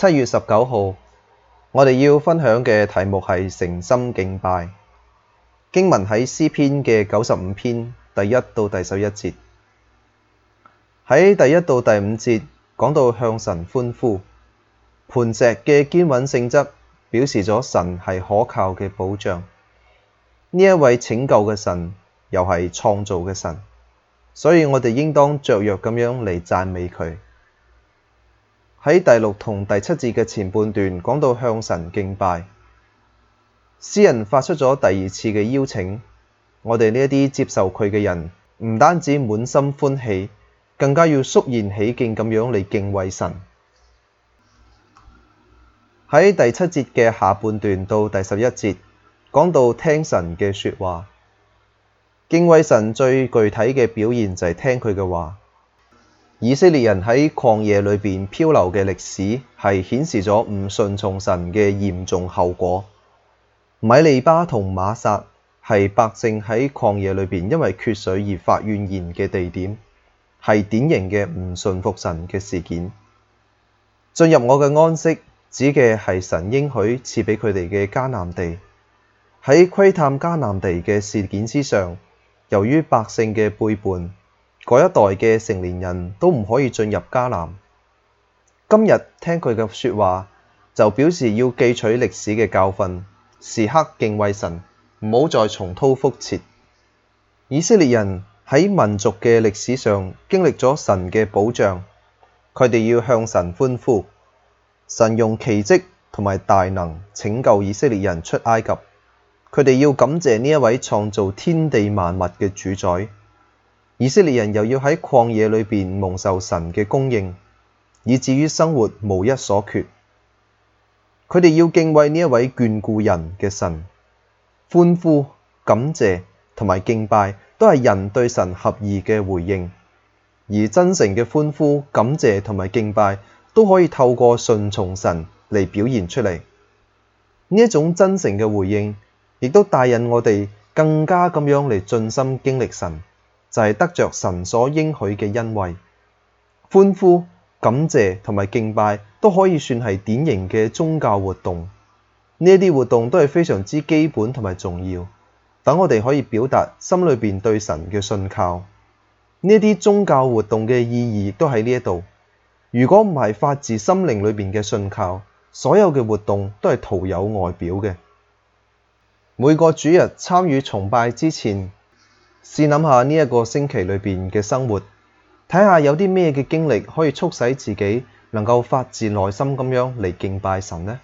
七月十九號，我哋要分享嘅題目係誠心敬拜。經文喺詩篇嘅九十五篇第一到第十一節，喺第一到第五節講到向神歡呼磐石嘅堅穩性質，表示咗神係可靠嘅保障。呢一位拯救嘅神，又係創造嘅神，所以我哋應當雀躍咁樣嚟讚美佢。喺第六同第七節嘅前半段講到向神敬拜，詩人發出咗第二次嘅邀請，我哋呢一啲接受佢嘅人，唔單止滿心歡喜，更加要肅然起敬咁樣嚟敬畏神。喺第七節嘅下半段到第十一節講到聽神嘅說話，敬畏神最具體嘅表現就係聽佢嘅話。以色列人喺曠野裏邊漂流嘅歷史，係顯示咗唔順從神嘅嚴重後果。米利巴同瑪撒係百姓喺曠野裏邊因為缺水而發怨言嘅地點，係典型嘅唔信服神嘅事件。進入我嘅安息，指嘅係神應許賜畀佢哋嘅迦南地。喺窺探迦南地嘅事件之上，由於百姓嘅背叛，嗰一代嘅成年人都唔可以進入迦南。今日聽佢嘅説話，就表示要記取歷史嘅教訓，時刻敬畏神，唔好再重蹈覆轍。以色列人喺民族嘅歷史上經歷咗神嘅保障，佢哋要向神歡呼，神用奇蹟同埋大能拯救以色列人出埃及，佢哋要感謝呢一位創造天地萬物嘅主宰。以色列人又要喺曠野裏邊蒙受神嘅供應，以至於生活無一所缺。佢哋要敬畏呢一位眷顧人嘅神，歡呼、感謝同埋敬拜都係人對神合宜嘅回應。而真誠嘅歡呼、感謝同埋敬拜都可以透過順從神嚟表現出嚟。呢一種真誠嘅回應，亦都帶引我哋更加咁樣嚟盡心經歷神。就係得着神所應許嘅恩惠，歡呼、感謝同埋敬拜都可以算係典型嘅宗教活動。呢啲活動都係非常之基本同埋重要，等我哋可以表達心裏邊對神嘅信靠。呢啲宗教活動嘅意義都喺呢一度。如果唔係發自心靈裏邊嘅信靠，所有嘅活動都係徒有外表嘅。每個主日參與崇拜之前，試諗下呢一個星期裏邊嘅生活，睇下有啲咩嘅經歷可以促使自己能夠發自內心咁樣嚟敬拜神呢？